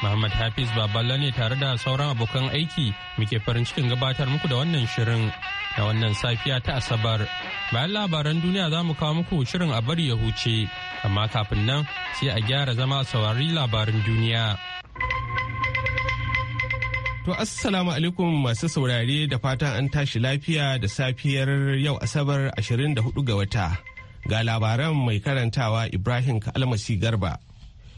Muhammad Hafiz Baballa ne tare da sauran abokan aiki muke farin cikin gabatar muku da wannan shirin da wannan safiya ta Asabar. Bayan labaran duniya za mu kawo muku shirin a bari ya huce, amma kafin nan sai a gyara zama a saurari labaran duniya. To assalamu alaikum masu saurare da fatan an tashi lafiya da safiyar yau Asabar 24 ga wata. Ga labaran mai karantawa Ibrahim Kalmasi Garba.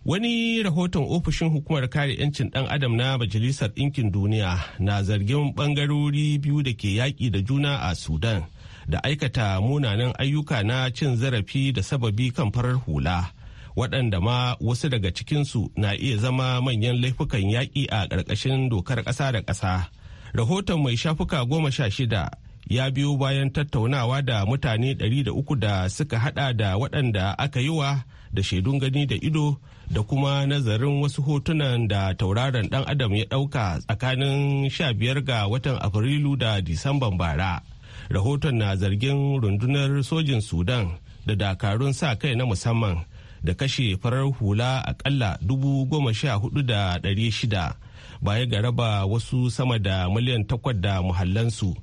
Wani rahoton ofishin hukumar kare 'yancin ɗan adam na Majalisar Ɗinkin Duniya na zargin ɓangarori biyu da ke yaƙi da juna a Sudan da aikata munanan ayyuka na cin zarafi da sababi kan farar hula. waɗanda ma wasu daga cikinsu na iya zama manyan laifukan yaƙi a ƙarƙashin dokar ƙasa da ƙasa. Rahoton mai shafuka goma sha shida ya biyo bayan tattaunawa da mutane ɗari da uku da suka haɗa da waɗanda aka yi wa da shaidun gani da ido da kuma nazarin wasu hotunan da tauraron dan adam ya dauka tsakanin 15 ga watan afrilu da disamban bara rahoton na zargin rundunar sojin sudan da dakarun sa kai na musamman da kashe farar hula akalla dubu goma sha hudu da dari shida baya ga raba wasu sama da miliyan takwas da muhallansu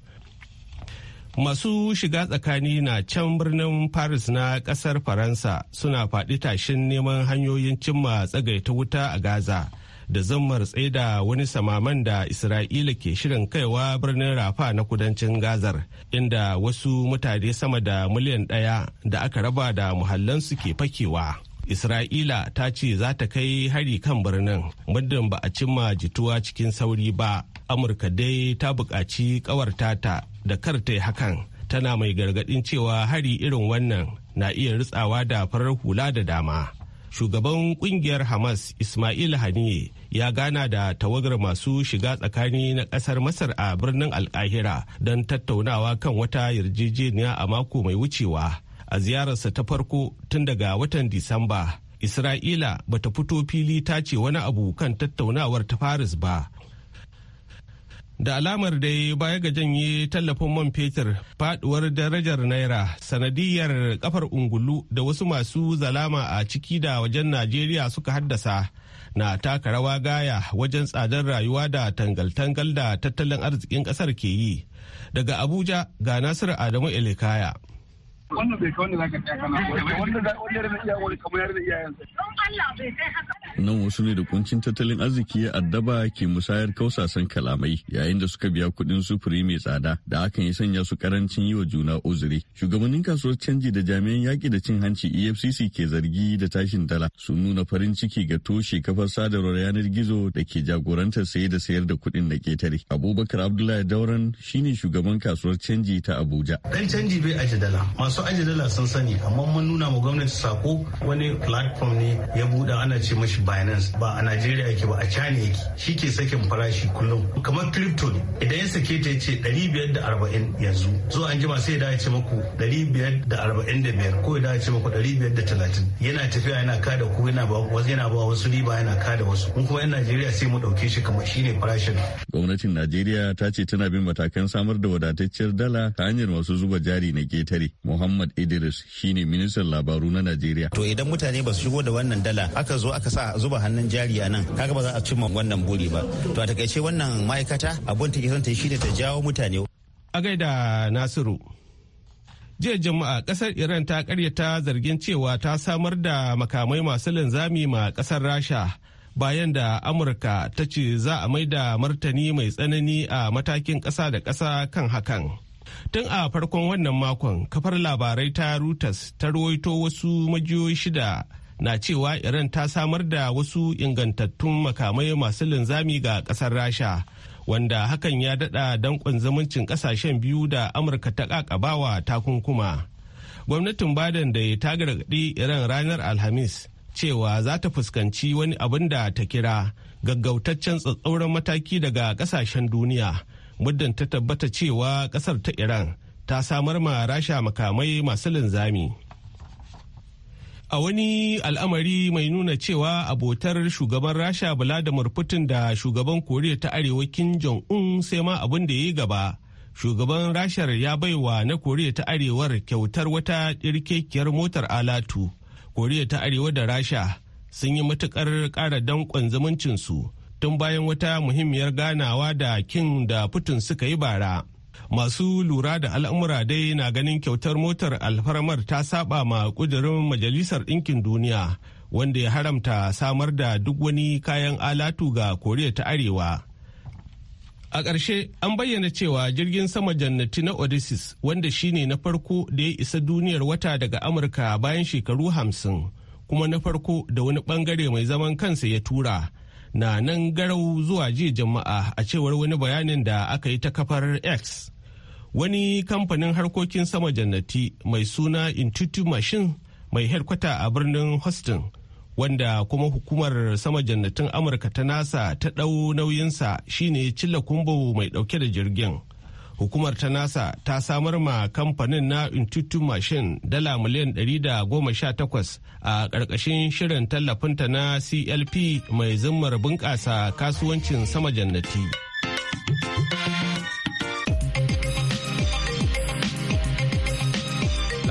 masu shiga tsakani na can birnin paris na kasar faransa suna faɗi tashin neman hanyoyin cimma tsagaita wuta a gaza da zammar tsaida wani samaman da isra'ila ke shirin kaiwa birnin rafa na kudancin gazar inda wasu mutane sama da miliyan ɗaya da aka raba da muhallansu ke fakewa Isra'ila ta ce za ta kai hari kan birnin muddin ba a cimma jituwa cikin sauri ba. Amurka dai ta buƙaci ƙawarta ta da kar ta yi hakan. Tana mai gargaɗin cewa hari irin wannan na iya ritsawa da farar hula da dama. Shugaban ƙungiyar Hamas Ismail Haniye ya gana da tawagar masu shiga tsakani na ƙasar Masar a birnin Alkahira don tattaunawa kan wata yarjejeniya a mako mai wucewa. a ziyararsa ta farko tun daga watan disamba isra'ila bata fito fili ta ce wani abu kan tattaunawar ta paris ba da alamar da dai baya ga janye tallafin man fetur faduwar darajar naira sanadiyar kafar ungulu da wasu masu zalama a ciki da wajen najeriya suka haddasa na taka rawa gaya wajen tsadar rayuwa da tangal-tangal da tattalin arzikin kasar ke yi daga abuja ga nasiru adamu elikaya wannan bai kai wanda zaka tsaya kana wanda wanda da iya wani kamar yar da iyayen don Allah bai kai haka nan wasu ne da kuncin tattalin arziki ya addaba ke musayar kausasan kalamai yayin da suka biya kuɗin sufuri mai tsada da hakan ya sanya su karancin yi wa juna uzuri shugabannin kasuwar canji da jami'an yaƙi da cin hanci efcc ke zargi da tashin dala su nuna farin ciki ga toshe kafar sadarwar yanar gizo da ke jagorantar saye da sayar da kuɗin da ketare abubakar abdullahi dauran shine shugaban kasuwar canji ta abuja dan canji bai aje dala masu aje dala sun sani amma mun nuna ma gwamnati sako wani platform ne ya buɗe ana ce mashi binance ba a najeriya yake ba a china yake shi ke sakin farashi kullum kamar crypto ne idan ya sake ta ce 540 yanzu zuwa an jima sai ya dace maku 545 ko ya dace maku 530 yana tafiya yana kada ku yana ba wasu yana ba wasu riba yana kada wasu mun kuma yan najeriya sai mu dauke shi kamar shine farashin gwamnatin najeriya ta ce tana bin matakan samar da wadatacciyar dala ta hanyar masu zuba jari na ketare muhammad idris shine ministan labaru na najeriya to idan mutane ba su shigo da wannan dala aka zo aka sa a zuba hannun jari a nan kaga ba za a cimma wannan buri ba to a takaice wannan ma'aikata abun take son ta shine ta jawo mutane a gaida nasiru jiya jama'a kasar iran ta karyata zargin cewa ta samar da makamai masu linzami ma kasar rasha bayan da amurka ta ce za a mai da martani mai tsanani a matakin ƙasa da ƙasa kan hakan tun a farkon wannan makon kafar labarai ta reuters ta rawaito wasu majiyoyi shida na cewa iran ta samar da wasu ingantattun makamai masu linzami ga kasar rasha wanda hakan ya dada dankon zamancin kasashen biyu da amurka ta kakabawa takunkuma gwamnatin baden da ta gargaɗi iran ranar alhamis cewa za ta fuskanci wani abin da ta kira gaggautaccen tsatsauran mataki daga kasashen duniya muddin ta tabbata cewa kasar ta iran ta samar ma rasha makamai masu linzami. A wani al'amari mai nuna cewa abotar shugaban Rasha Vladimir Putin da shugaban Koriya ta Arewa Kim Jong-un sai ma abin da ya yi gaba. Shugaban Rashar ya baiwa na Koriya ta Arewar kyautar wata ƙirkekiyar motar alatu. Koriya ta Arewa da Rasha sun yi matuƙar ƙara danƙon zumuncinsu tun bayan wata muhimmiyar ganawa da kin da Putin suka yi bara. masu lura da al'amura dai na ganin kyautar motar alfarmar ta saba ma kudurin majalisar ɗinkin duniya wanda ya haramta samar da duk wani kayan alatu ga koriya ta arewa a ƙarshe an bayyana cewa jirgin sama jannati na odysseus wanda shine na farko da ya isa duniyar wata daga amurka bayan shekaru hamsin kuma na farko da wani bangare mai zaman kansa ya tura na nan garau zuwa jiya jama'a a cewar wani bayanin da aka yi ta kafar x wani kamfanin harkokin sama jannati mai suna intuitive machine mai headkwata a birnin houston wanda kuma hukumar sama jannatin amurka ta nasa ta ɗau nauyinsa shine cilla kumbo mai ɗauke da jirgin hukumar ta nasa ta samar ma kamfanin na intuitive machine dala miliyan 118 a ƙarƙashin shirin tallafinta na clp mai zimmar bunƙasa kasuwancin sama jannati.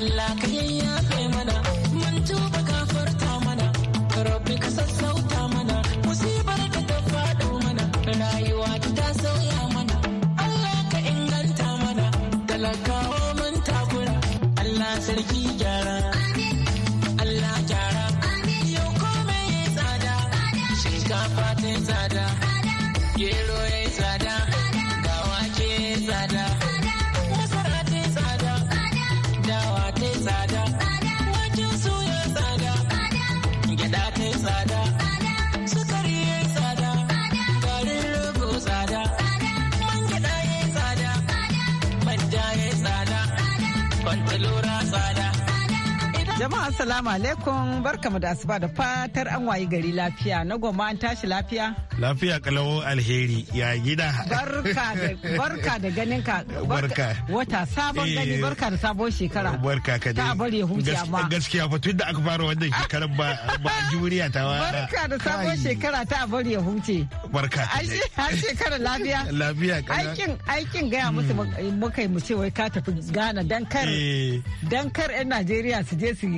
Allah it. Jama'a assalamu alaikum barkamu da asuba da fatar an wayi gari lafiya na goma an tashi lafiya. Lafiya kalawo alheri ya gida. Barka da ganin ka. Barka. Wata sabon gani eh, barka da sabon shekara. Barka ka da bare bari ma Gaskiya fa tun da aka fara wannan shekarar ba ba juriya ta wa. Barka da sabon shekara ta bare ya huce. Barka. Ai shekara lafiya. Lafiya kana. Aikin aikin gaya musu hmm. muka yi mu ce wai ka tafi gana dan kar eh. dan kar 'yan Najeriya su je su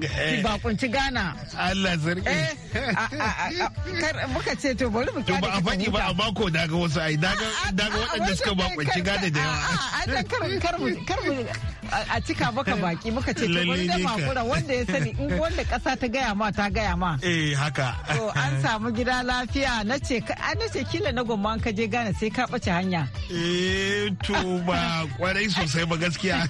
ki eh. bakunci gana. Allah zargi eh, Muka ce to bari mu kyale. Ba a faɗi ba a bako daga wasu ai daga waɗanda suka bakunci Ghana da yawa. Kar mu a cika baka baki muka ce to bari da makura wanda ya sani in wanda ƙasa ta gaya ma ta gaya ma. Eh haka. To an samu gida lafiya na ce na ce kila na gomman ka je gana sai ka ɓace hanya. Eh to ba kwarai sosai ba gaskiya.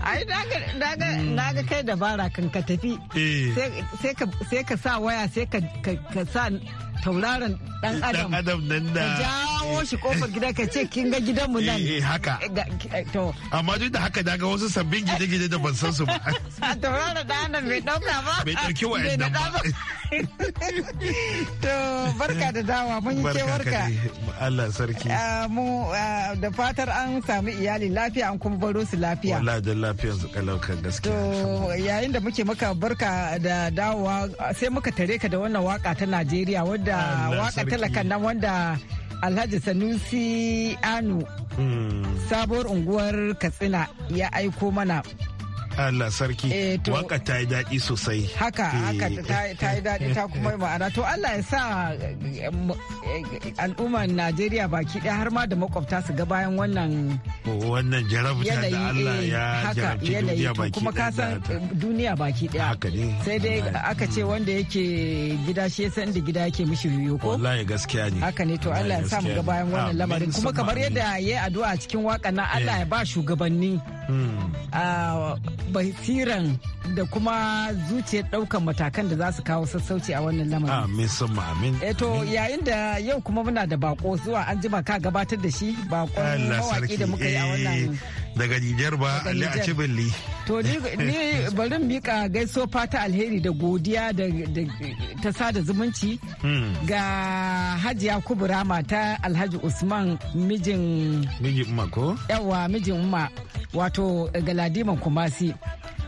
Ai na ga kai dabara kan ka tafi eh. sai ka sa waya sai ka sa tauraron dan adam adam nan na jawo shi kofar gida ka ce kin ga gidanmu nan eh haka eh, eh, amma duk da haka daga wasu sabbin gide-gide da ban san su ba tauraron dan adam bai dauka ba bai dauki wa'annan ba to barka da dawa mun yi kewarka Allah sarki eh, mu eh, da fatar an samu iyali lafiya an kuma baro su lafiya wallahi da lafiya su kalauka gaskiya to yayin da muke maka barka da dawa sai muka tare ka da wannan waka ta Najeriya wadda waka talakan nan wanda Alhaji Sanusi Anu hmm. sabuwar unguwar Katsina ya aiko mana Allah sarki eh, waka ta yi daɗi sosai haka eh. haka ta yi daɗi ta kuma yi ma'ana to Allah ya sa eh, al'ummar Najeriya baki ɗaya har ma da makwabta su ga bayan wannan wannan jarabta da Allah ya jarabci duniya baki kuma ka san duniya baki ɗaya haka ne sai dai aka ce mm. wanda yake gida shi ya san da gida yake mishi riyo ko wallahi gaskiya ne haka ne to Allah ya sa mu ga bayan wannan lamarin kuma kamar yadda ya yi addu'a cikin waka na Allah ya ba shugabanni a basiran da kuma zuciyar ɗaukan matakan da za su kawo sassauci a wannan lamarin. Amin sun amin. Eto eh yayin da yau kuma muna da bako zuwa an jima ka gabatar da shi bakon mawaki da muka yi a wannan eh, daga Nijar ba Ali a Cibili. To ni bari mika gaiso fata alheri da godiya da ta sada zumunci hmm. ga Hajiya Kubura mata Alhaji Usman mijin mijin Umma ko? Yawa mijin Umma wato Galadiman Kumasi.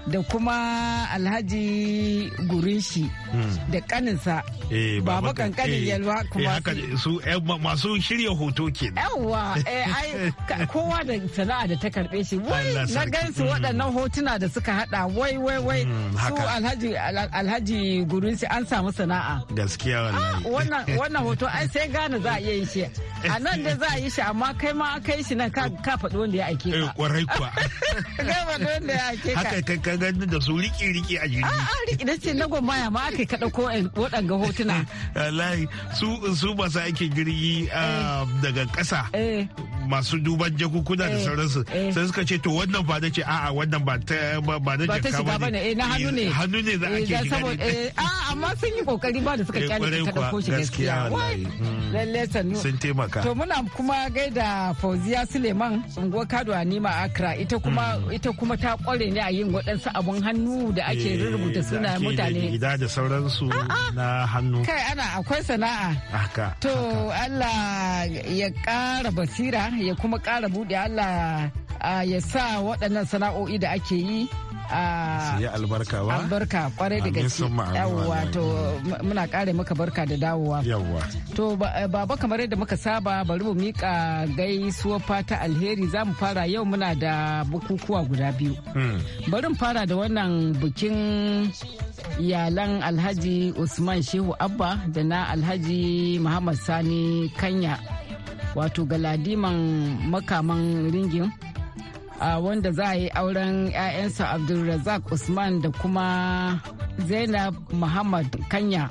da kuma alhaji gurinshi hmm. da kaninsa eh, baba kankanin eh, yalwa kuma eh, su masu shirya hoto ke yawwa kowa da sana'a da ta karbe shi wai na gansu hmm. waɗannan hotuna da suka hada wai wai wai hmm, su alhaji alhaji gurinshi an samu sana'a gaskiya ah, wannan wannan hoto ai sai gane za a iya yin shi a nan da za a yi shi amma kai ma aka yi shi nan ka faɗi wanda ya aike ka kwarai kuwa ka faɗi wanda ya aike ka ka gani da su riki-riki a jirgi. A'a riki da ce na gwamaya ma aka kaɗa ko waɗanga hotuna. Wallahi su masu aikin jirgi ah, eh. daga ƙasa eh. masu duban jakukuna da eh, sauransu eh. sai suka ce to wannan ba da ce a'a wannan ba ta ba da jaka ba ne eh, na hannu ne hannu ne za a ke shiga a ah, amma sun yi kokari ba da suka kyale ta dauko shi gaskiya hmm. lalle sannu sun taimaka to muna kuma gaida Fauziya Suleiman ungo Kado nim'a Accra ita kuma hmm. ita kuma ta kware ne a yin waɗansu abun hannu da ake rubuta suna mutane gida da sauransu na hannu kai ana akwai sana'a to Allah ya ƙara basira ya kuma ƙara buɗe Allah ya sa waɗannan sana'o'i da ake yi albarka ba albarka kwarai da gaske yawwa to muna kare maka barka da dawowa yawwa to eh, baba kamar yadda muka saba bari mu mika gaisuwa fata alheri za mu fara yau muna da bukukuwa guda biyu hmm. bari mu fara da wannan bikin iyalan alhaji usman shehu abba da na alhaji muhammad sani kanya wato galadiman makaman ringin wanda za a yi auren 'ya'yansa abdulrazak usman da kuma zainab muhammad kanya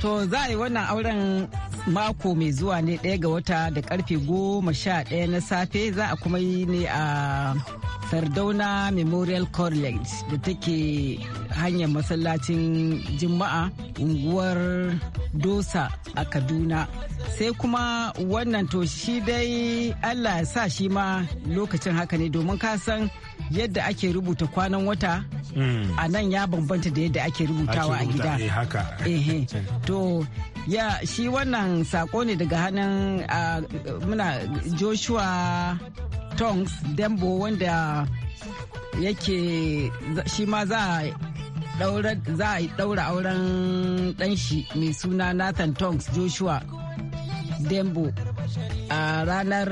to za a yi wannan auren mako mai zuwa ne ɗaya ga wata da karfe goma sha ɗaya na safe za a kuma yi ne a sardauna memorial college da take hanyar masallacin juma'a unguwar dosa a kaduna sai kuma wannan to shi dai allah ya sa shi ma lokacin haka ne domin ka san yadda ake rubuta kwanan wata hmm. a nan ya bambanta da yadda ake rubutawa a gida eh, ehe to ya shi wannan sako ne daga hannun muna joshua tongs dembo wanda yake shi ma za a daura auren ɗanshi mai suna nathan tongs joshua dembo a ranar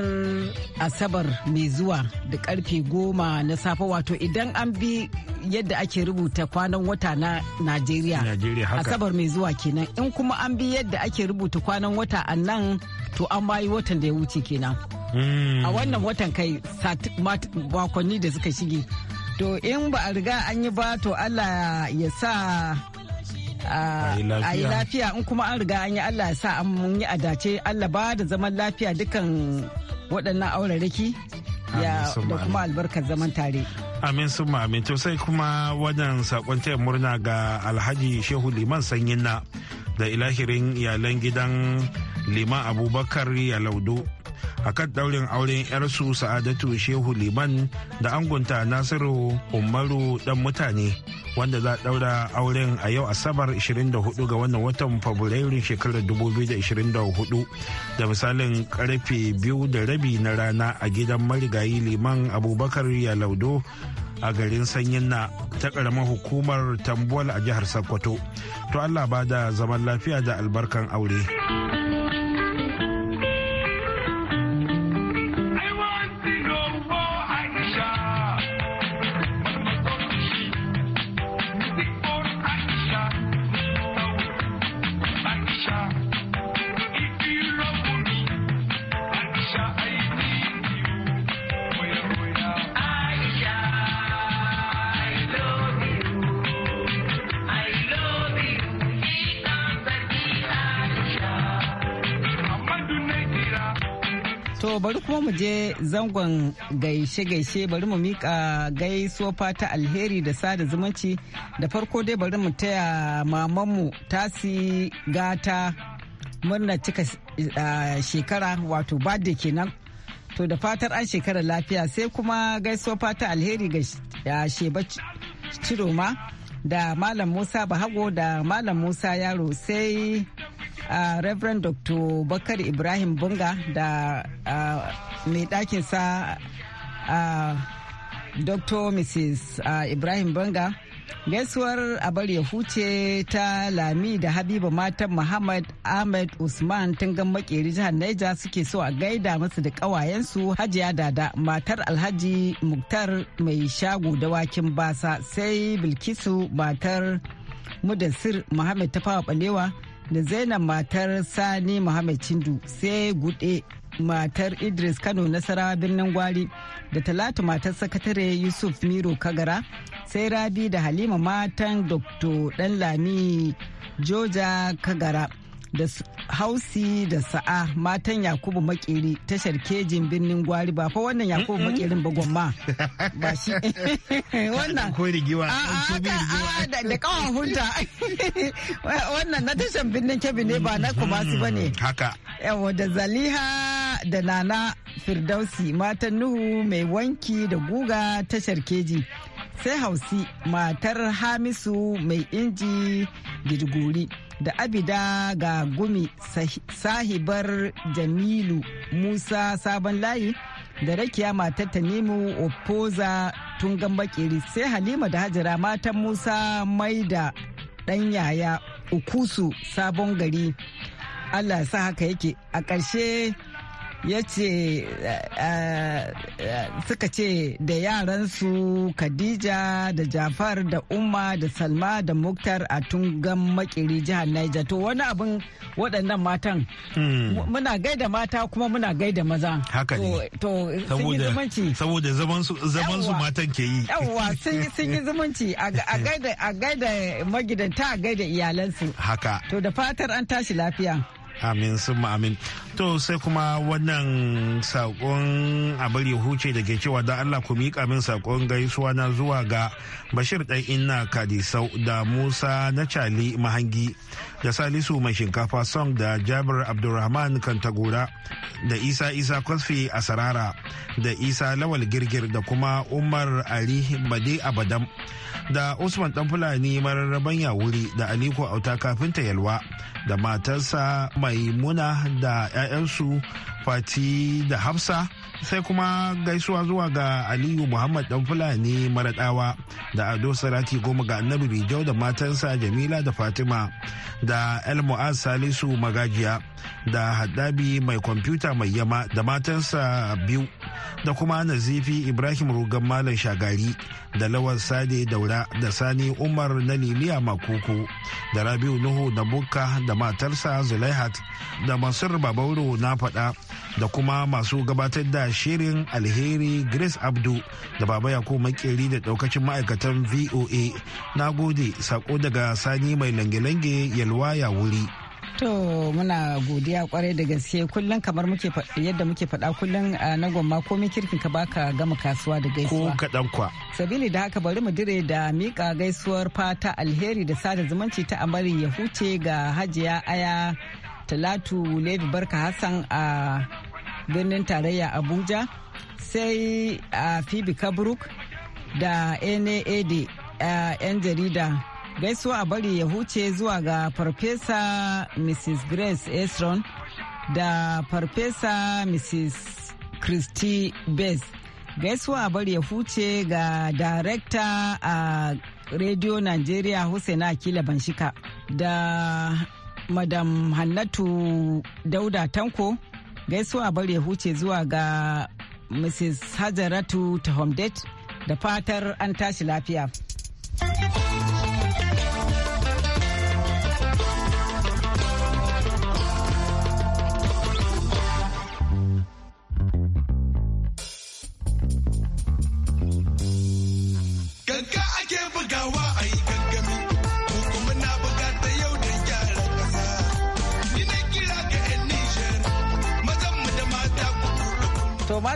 asabar mai zuwa da karfe goma na safe wato idan an bi yadda ake rubuta kwanan wata na najeriya asabar mai zuwa kenan in kuma an bi yadda ake rubuta kwanan wata a nan to an bayi watan da ya wuce kenan hmm. a wannan watan kai makonni da suka shige to in ba a riga an yi ba to allah ya sa a yi lafiya in kuma an riga an yi Allah ya sa an yi adace Allah ba da zaman lafiya dukan waɗannan aurariki ya da kuma albarkar zaman tare. Amin summa amin sai kuma wannan sakon taya murna ga Alhaji Shehu Liman sanyin na da ilahirin iyalan gidan Liman Abubakar Yalaudu a kan daurin auren 'yarsu sa'adatu shehu liman da angunta nasiru umaru dan mutane wanda za daura auren a yau asabar 24 ga wannan watan fabrairu shekarar 2024 da misalin karfe biyu da rabi na rana a gidan marigayi liman abubakar yalaudo a garin sanyin na ta karamar hukumar tambuwal a jihar sokoto to allah ba da zaman lafiya da albarkan aure. bari kuma mu je zangon gaishe-gaishe bari mu mika gaisuwa fata alheri da sada zumunci da farko dai bari mu taya mamanmu tasi gata murna cika shekara wato birthday kenan to da fatar an shekara lafiya sai kuma gaisuwa fata alheri ga sheba ciroma da malam musa bahago da malam musa yaro sai a reverend dr bakar ibrahim bunga da mai ɗakinsa sa dr mrs ibrahim bunga gaisuwar abar ya huce ta lami da habiba matan muhammad ahmed usman tungan makeri jihar naija suke so a gaida masu da kawayensu hajiya dada matar alhaji muktar mai shago da wakin basa sai bilkisu matar mudassir muhammad tafawa balewa da zainab matar sani muhammad chindu sai gude matar idris kano nasarawa birnin gwari da talatu matar sakatare yusuf miro kagara sai rabi da halima matan dr danlami joja kagara da hausi da sa'a matan yakubu makeri tashar kejin birnin gwari ba fa wannan yakubu makerin ba gwamma ba shi wannan ko rigiwa da kawo hunta wannan na tashar birnin kebi ne ba na kumasi ba ne haka yawa da zaliha da nana firdausi matan nuhu mai wanki da guga tashar keji sai hausi matar hamisu mai inji girguri da abida ga gumi sahibar jamilu musa sabon layi da rakiya matar tanimu opoza tun bakiri sai halima da hajara matan musa mai da dan yaya ukusu sabon gari allah sa haka yake a ƙarshe ya ce eh, eh, suka ce da yaransu khadija da jafar da umma da salma da muktar a tungan makiri jihar niger to wani abin waɗannan matan hmm. muna gaida mata kuma muna gaida maza haka ne to sun yi zumunci saboda zaman su matan ke yi yawwa sun yi zumunci a gaida magidanta a gaida iyalansu haka to da fatar an tashi lafiya amin sun amin to sai kuma wannan sakon bari huce da ke cewa da allah ku miƙa min saƙon gaisuwa na zuwa ga bashir ɗan inna kadisau da musa na cali mahangi da salisu mai shinkafa song da jabir abdulrahman kantagora da isa isa kwasfi a sarara da isa lawal girgir da kuma umar ali bade abadam da usman dan fulani mararraban wuri da aliko auta kafinta yalwa da matarsa maimuna da 'ya'yansu fati da hafsa sai kuma gaisuwa zuwa ga aliyu muhammad dan fulani maradawa da ado sarati goma ga annabi bijau da matansa jamila da fatima da el mu'az salisu magajiya da haddabi mai kwamfuta mai yama da matansa biyu da kuma nazifi ibrahim rugan malam shagari da lawan sade daura da sani umar na limiya makuku da rabiu nuhu da bukka da matarsa zulaihat da masur babauro na faɗa da kuma masu gabatar da shirin alheri grace abdu da baba yakubu makeri da daukacin ma'aikatan voa na gode sako daga sani mai lange-lange yalwa ya wuri To muna godiya kwarai da gaske kullum kamar muke yadda muke faɗa kullum a na gwamma komai kirkin ka baka gama kasuwa da gaisuwa. Ko kaɗan kwa. Sabili da haka bari mu dire da miƙa gaisuwar fata alheri da sada zumunci ta amari ya huce ga hajiya aya talatu levi barka hassan a birnin tarayya abuja sai a fibi kabruk da nad yan jarida gaisuwa a bari ya huce zuwa ga farfesa mrs grace esron da farfesa mrs christy bess gaisuwa a bari ya huce ga darekta a radio nigeria hussaina akila banshika da madam hannatu dauda tanko gaisuwa a bari ya huce zuwa ga mrs hajaratu tahomdet da fatar an tashi lafiya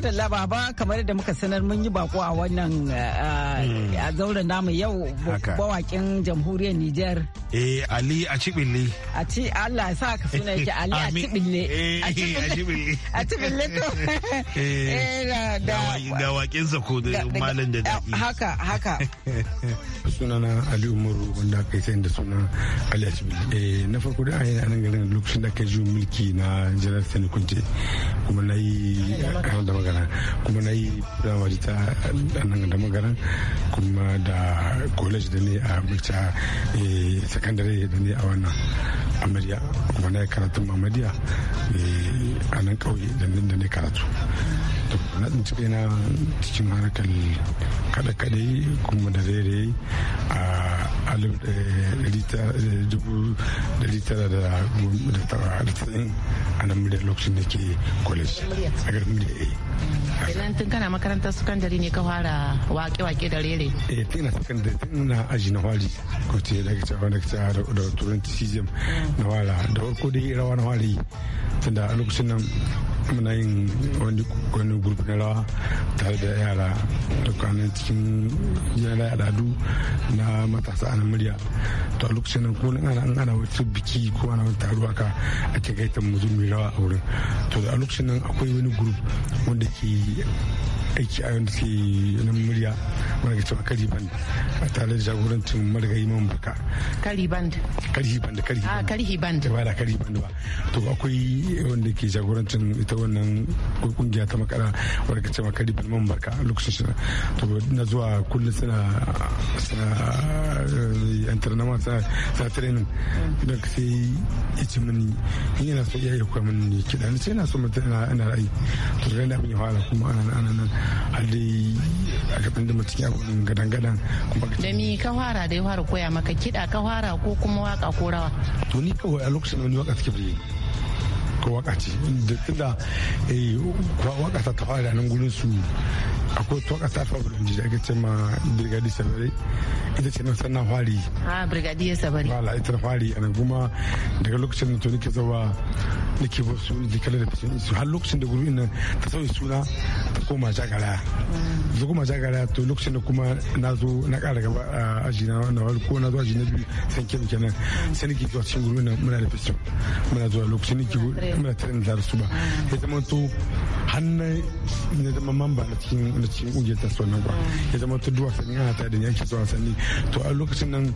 da laba ba kamar da muka sanar mun yi bako a wannan eh, eh, a zauren namu yau bawakin jamhuriyar Nijar Eh Ali a cibille. A ci Allah sa ka suna yake Ali a cibille. Eh, a cibille. A cibille to. Eh da eh, da wakin sa ko da malam da dadi. Eh, haka haka. na Ali Umaru wanda kai sai da suna Ali a cibille. Eh na farko da ayi nan garin lokacin da kai juyin mulki na General Sani Kunte kuma n'ayi. yi ah, da magana kuma nayi yi da wajita a nan da magana kuma da college da ne a eh sakandare da ne a wannan amarya kuma na yi karatun amadiya eh, a nan kauye da ne karatu to na tsinci kaina cikin harkar kaɗe-kaɗe kuma da rere a 1990 eh, eh, a nan da lokacin da ke college a garin da a kenan tun kana makarantar sakandare ne ka fara wake-wake da rere eh tun ina sakandare tun ina aji na fari ko ce daga cewa daga cewa da turanci cgm na fara da farko dai rawa na fara yi tunda a lokacin nan muna yin wani gurbi na rawa tare da yara dukkanin cikin yara al'adu na matasa a murya to a lokacin nan ko ana an ana wata biki ko ana wata taruwa ka ke gaita mu zo rawa a wurin to a lokacin nan akwai wani gurbi wanda ke aiki a yadda ke na murya wanda ke cewa kari band a tare da jagorancin marigayi man baka kari band kari band kari ah, band kari band ba da kari band ba to akwai wanda ke jagorancin ita ta wannan kungiya ta makara wadda ka ce makari bilman barka lokacin shi to na zuwa kullum suna suna eh, sa training idan ka sai ya ci mini in yana so iyaye kuwa mini kiɗa ni sai yana so mutum ina ra'ayi to da na abin fara kuma ana nan ana nan a da mutum ya gudun gadan-gadan da mi ka fara kiɗa ka fara ko kuma waka ko rawa to ni kawai a lokacin wani waka suke ko wakati waka ce inda eh, wakata ta fara nan gurin su akwai wata ka ta fa da jiji ce ma brigadi sabari ita ce nan sannan fari ah brigadi sabari wala ita na fari a kuma daga lokacin da to nake zawa nake ba su jikalar da fitin su har lokacin da gurin nan ta sauyi suna ta koma jagara ta koma jagara to lokacin da kuma na zo na kara gaba a aji na wani ko na zo aji na biyu san kenan sai nake zuwa cikin gurin nan muna da fitin muna zuwa lokacin nake ba ta da su ba ya zama to hannun ya zama mamba na cikin na cikin ƙungiyar ta sonar ba ya zama to duwa sani ana tare da yanki zuwa sani to a lokacin nan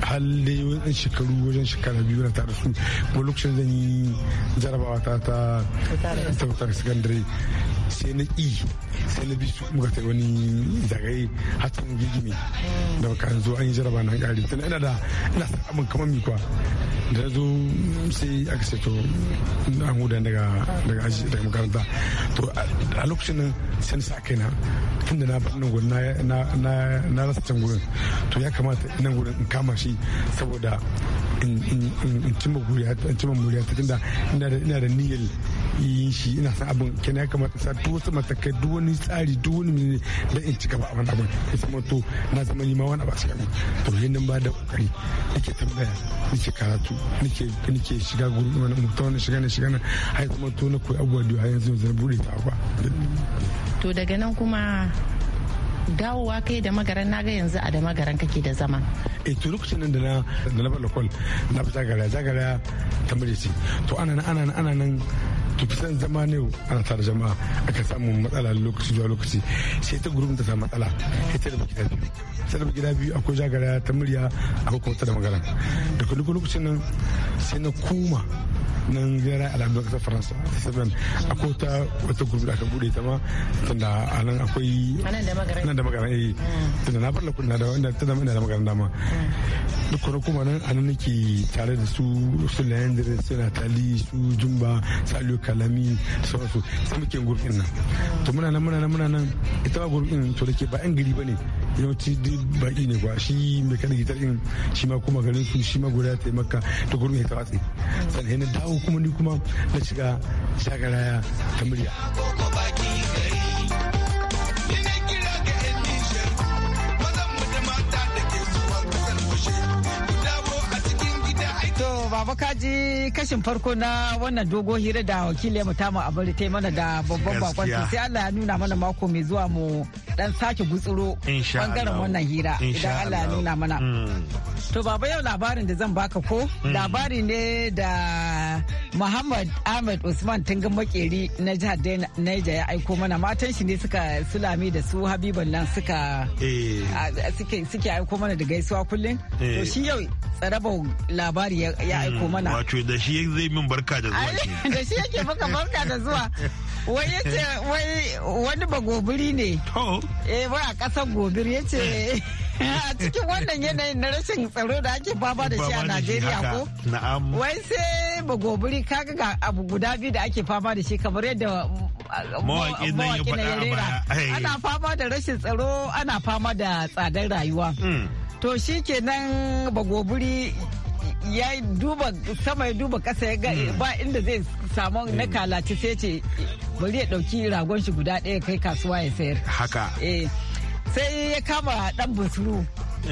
halle wajen shekaru wajen shekara biyu na tare su kuma lokacin zan yi jarabawa ta ta tautar sakandare sai na i sai na bisu muka sai wani zagaye hatin gigini da kan zo an yi jaraba na kare tana ina da ina sa abin kamar mi kwa da zo sai aka sai to an huda daga daga aji daga makaranta to a lokacin nan sai na sa kai na tunda na bar nan gudun na na na rasa can gudun to ya kamata nan gudun in kama shi saboda in cimma guriya in cimma muriya ta tunda ina da niyyar yin shi ina san abin kenan ya kamata sa duk wasu matakai duk wani tsari duk wani mene da in cika ba a wannan abin ya zama to na zama ma wani abu a cikin to yin nan ba da kokari nake tambaya nake karatu nake nake shiga gurin wani mutum wani shiga ne shiga ne har zama to na koyi abubuwa da yanzu yanzu na bude ta ba. to daga nan kuma dawowa kai da magaran na ga yanzu a da magaran kake da zama e to lokacin nan da na da na bada kwal na fita zagara zagara ta mure to ana nan ana nan ana nan to fitan zama ne ana tare jama'a aka samu matsala lokaci zuwa lokaci sai ta gurbin ta samu matsala sai ta da baki sanar gida biyu akwai jagara ta murya a kuma ta da magana daga duk lokacin nan sai na kuma nan gara al'adun kasar faransa a akwai ta wata gurbi da aka bude ta ma tunda a nan akwai nan da magana eh mm. tunda na bar lakuna da wanda tunda ina da magana dama mm. duk kuma kuma nan anan nake tare da su su da su natali su jumba saliu kalami sauransu sai muke gurbin nan mm. to muna nan muna nan muna nan ita ba gurbin to da ke ba yan gari ba ne yawanci baki ne kuwa shi mai kada gitar in shi ma kuma garin su shi ma guda ta makka ta gurbin ya tawatsi sannan na dawo kuma ni kuma na shiga shagaraya ta murya. baba kaji kashin farko na wannan dogo hira da ya mu a bari ta mana da babban bakon sai Allah ya nuna mana mako mai zuwa mu dan sake gutsuro bangaren wannan hira idan Allah ya nuna mana. Mm. To baba yau labarin da zan baka ko mm. labari ne da Muhammad Ahmed Usman Tungan Makeri na jihar Niger ya aiko mana matan shi ne suka sulami da su Habiban nan suka eh. suke aiko mana da gaisuwa kullum. To eh. shi yau tsarabar labari ya aiko mana. Mm, wato da shi zai min barka da zuwa. Da shi yake baka barka da zuwa. Wai ya ce wani ba gobiri ne. To. Eh ba a ƙasar gobir ya ce a cikin wannan yanayin na rashin tsaro da ake fama da shi a Najeriya ko? Na'am. Wai sai ba gobiri kaga ga abu guda biyu da ake fama da shi kamar yadda uh, uh, mawaƙin nan ya faɗa Ana fama da rashin tsaro ana fama da tsadar rayuwa. Mm. to shi kenan bagoburi ya duba sama ya duba kasa ya ga hmm. ba inda zai samu hmm. na kalaci sai ce bari ya dauki ragon shi guda ɗaya kai kasuwa ya sayar haka eh, sai ya kama dan bunsuru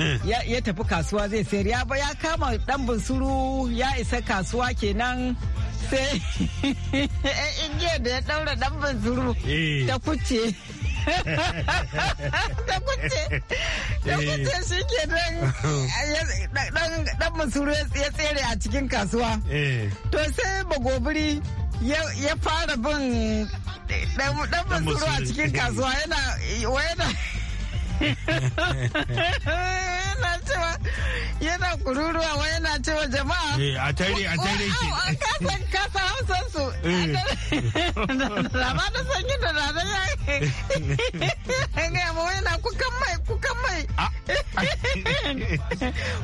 eh. ya tafi kasuwa zai sayar ya ba ya kama dan bunsuru ya isa kasuwa kenan sai ingiyar da ya daura dan bunsuru eh. ta kuce da kunce da eh. kunce shi ke dan musuru ya tsere a cikin kasuwa eh. to sai bagobiri ya fara bin eh, dan musuru a cikin kasuwa yana yana cewa yana kururuwa wa yana cewa jama'a eh, a tare a tare ki kasan kasa hausan su rama eh. da sanyi da rana ya ga mu yana kukan mai kukan mai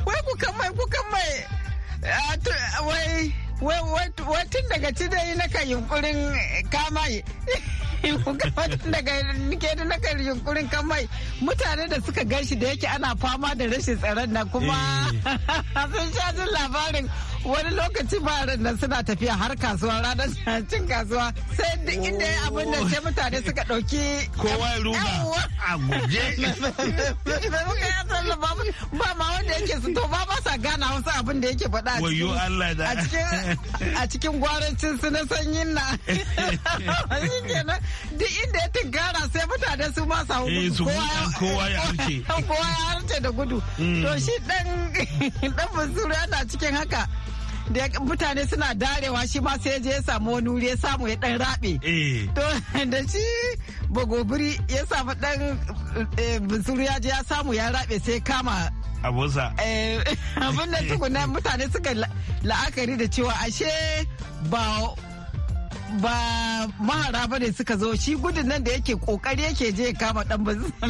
wai kukan mai kukan mai wai wai tun daga cidai na kan yunkurin kama daga nike da nakar yunkurin mai mutane da suka gan shi da yake ana fama da rashin tsaron na kuma eh. sun sha jin labarin wani lokaci ba da suna tafiya har kasuwa ranar cin kasuwa sai duk inda ya abin da sai mutane suka ɗauki kowa ya ruga a guje ba ma wanda yake su to ba ba sa gana wasu abin da yake faɗa a cikin gwarancin su na sanyin na duk inda ya tinkara sai mutane su ma sa eh, kowa ya harce kowa ya harce da gudu mm. to shi dan dan basura yana cikin haka da mutane suna darewa shi ma sai je ya samu wani wuri ya samu ya dan rabe eh. to da shi bagobiri ya samu dan eh, bunsuru ya je ya samu ya rabe sai kama abunsa eh, abun da tukuna mutane suka la'akari da cewa ashe ba ba mahara ba ne suka zo shi gudun nan da yake kokari yake je kama dan sai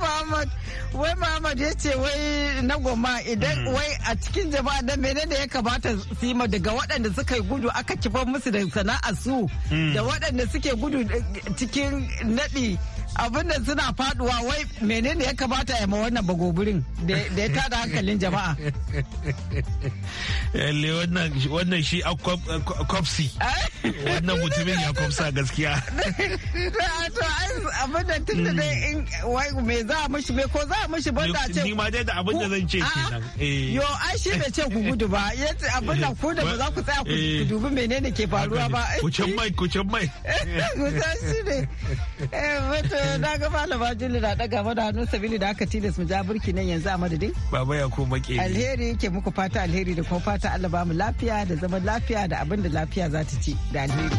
Muhammad wai Muhammad ya ce wai na goma idan hmm. wai a cikin jama'a dan menene da ya kamata sima daga waɗanda suka yi gudu aka kifar musu da sana'a su hmm. da waɗanda suke gudu eh, cikin naɗi abin da suna faduwa wai menene ya kamata ya ma wannan bagobirin da ya tada hankalin jama'a yalle wannan shi a kwapsi eh? wannan mutumin ya kwapsa gaskiya to abin da tun da hmm. dai me za a mashi me ko za a mashi ban da ce ni ma dai da abin da zan ce kenan eh. yo ai shi bai ce ku gudu ba yace abin da ku da ba za ku tsaya ku eh. dubi menene ke faruwa ba ku can mai ku can mai ku san shi ne Eh, na ga malama juli na daga mana hannun sabili da aka tilas mu ja burki nan yanzu a madadin baba ya ko makeri alheri yake muku fata alheri da kuma fata Allah ba mu lafiya da zaman lafiya da abin da lafiya za ta ci da alheri